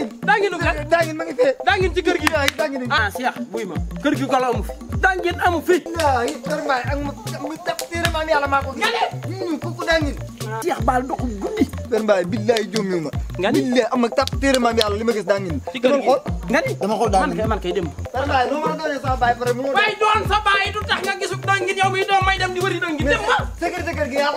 dangin danginu dangin ma kan? dangin ci kër gi iya, dangin ah Cheikh ah, buy ma kër gi ko la amu fi dangin amu fi waay iya, kër maay ak mu tap téere maa yàlla maa ko ñu ko ko dangin Cheikh ah, baal ndox guddi kër mbaay billahi joomiw ma nga ni billahi am ak tap téere maa yàlla li ma dangin ci kër gi nga ni dama dangin man kay man kay dem kër mbaay lu ma doonee sama baay pare mu baay doon sa baay du tax nga gisu dangin yow mi doom may dem di wëri dangin dem ma sécurité kër gi yaa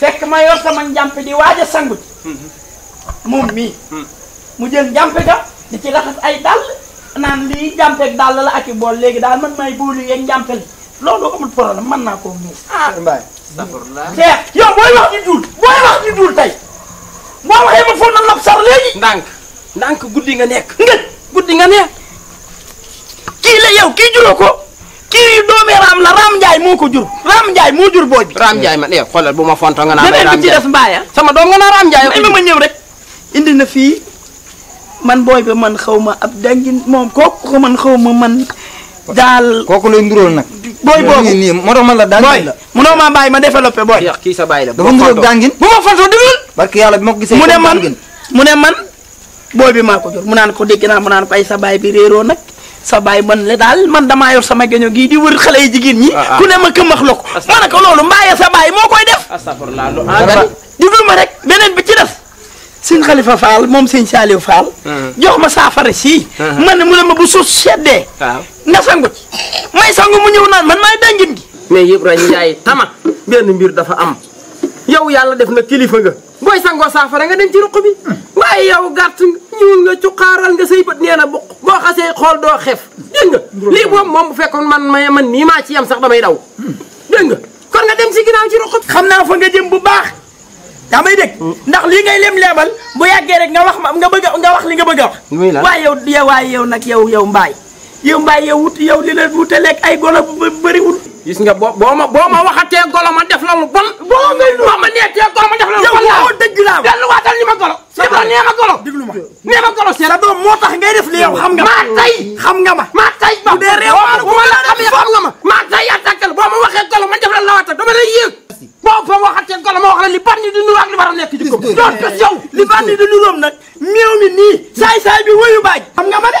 fekk ma yor sama njàmp di waaj a sangu ci hmm. moom mii hmm. mu jël njàmp ga di ci raxas ay dàll naan lii njàmpeeg dàll la ak i bool léegi daal man maay boolu yeeg njàmpe li loolu amul problème mën naa koo miis ah mbaay seex yow booy wax di duul booy wax di duul tey boo waxee ma foog na lab sar léegi ndànk ndànk guddi nga nekk nga guddi nga nekk kii la yow kii juróo ko kii doomi Raam la Raam Ndiaye moo ko jur Raam Ndiaye moo jur booj bi. Raam Ndiaye man eh xoolal bu ma fonto nga naan. beneen bi doom nga naan Raam Ndiaye. ma ma rek. indi na fii man booy ba man xaw ma ab dangin moom kooku man xaw ma man daal. kooku lay nduróol nag. booy boobu nii nii moo tax la dangin la. munoo ma développé booy. yàq kii sa bàyyi la bu ma fonto dafa nduróog dangin. bu ma fonto déglu. parce ko gisee. mu ne man mu bi maa ko jur naa naan ko dégg naa mu naan ko ay sa baay bi réeroo nag sa baay man la daal man damaa yor sama geño gii di wër xale yi jigéen ñi. Ah, ah. ku ne ma këmbax la ko. ma ne ko loolu mbaaye a baay moo koy def. astafurlah lu ànd déglu ma rek beneen bi ci def. sëñ Khalifa Fall moom sëñ Saliou Fall. Hmm. jox ma saafara si hmm. man ne mu ne ma bu suuf seddee. waaw na sangu may sangu mu ñëw naan man maay dangin gi. mais Ibrahima Ndiaye tama benn mbir dafa am yow yàlla def na kilifa nga. booy sangoo saafara nga dem ci ruq bi waaye yow gàtt ñuul nga cuqaaral nga say bët nee na boo xasee xool doo xeef dégg nga lii boobu moom bu fekkoon man ma man nii maa ci yam sax damay daw dégg nga kon nga dem ci ginnaaw ci ruq bi xam naa fa nga jëm bu baax daa may dégg mm. ndax lii ngay lem leebal bu yàggee rek nga wax ma nga bëgg nga wax li nga bëgg a wax waaye yow yow waaye yow nag yow yow mbaay yow mbaay yow wut yow li la wute lekk ay golo bëriwul gis nga boo boo ma boo ma waxatee laa delluwaatal ñu ma golo. Ibra nee ma golo. diglu ma nee ma golo. sa doom moo tax ngay def li yow xam nga ma. maa tey xam nga ma. maa tey ma bu dee réew ma la xam nga ma. maa tey attaqué la boo ma waxee golo ma def la lawaata dama lay yéeg. boo fa waxatee golo ma wax la li ban di nuyoo ak li war a nekk ci ko. doon nag. meew mi nii. saay saay bi wuyu baaj. xam nga ma de.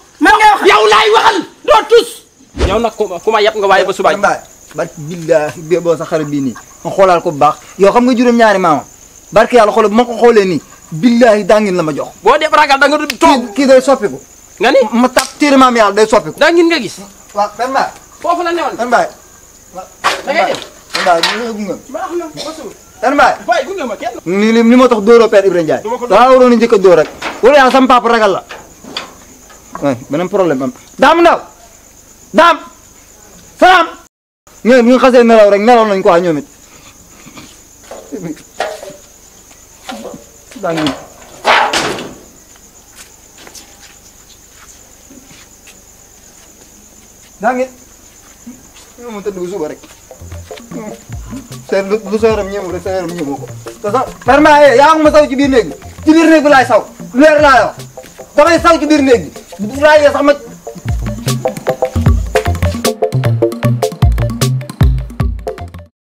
man ngay wax yow laay waxal doo tus yow nag ku ma yàpp nga waaye ba subaay barke billahi bee boo sa xare bii nii ma xoolaal ko bu baax yow xam nga juróom ñaari maama barke yàlla xoolal bu ma ko xoolee nii billahi dangin la ma jox boo def ragal da nga du toog kii day soppiku nga ni ma tàpp téere maam yàlla day soppiku dangin nga gis waaw kan baay foofu la newoon kan baay da ngay def kan baay ñu gunge ma wax na basul kan baay baay gunge ma kenn ni li waaw beneen problème am dam ndaw dam fam ñu ñu xasse nelaw rek nelaw nañ ko wax ñomit daa ngi daa ngi ñoom mu tëdd bu suba rek seen lu sa yaram ñëw rek sa yaram ñëw ko te sax permet yaa ngi ma e saw ci biir néeg ci biir néeg bi saw leer laa saw ci bu raayee sax ma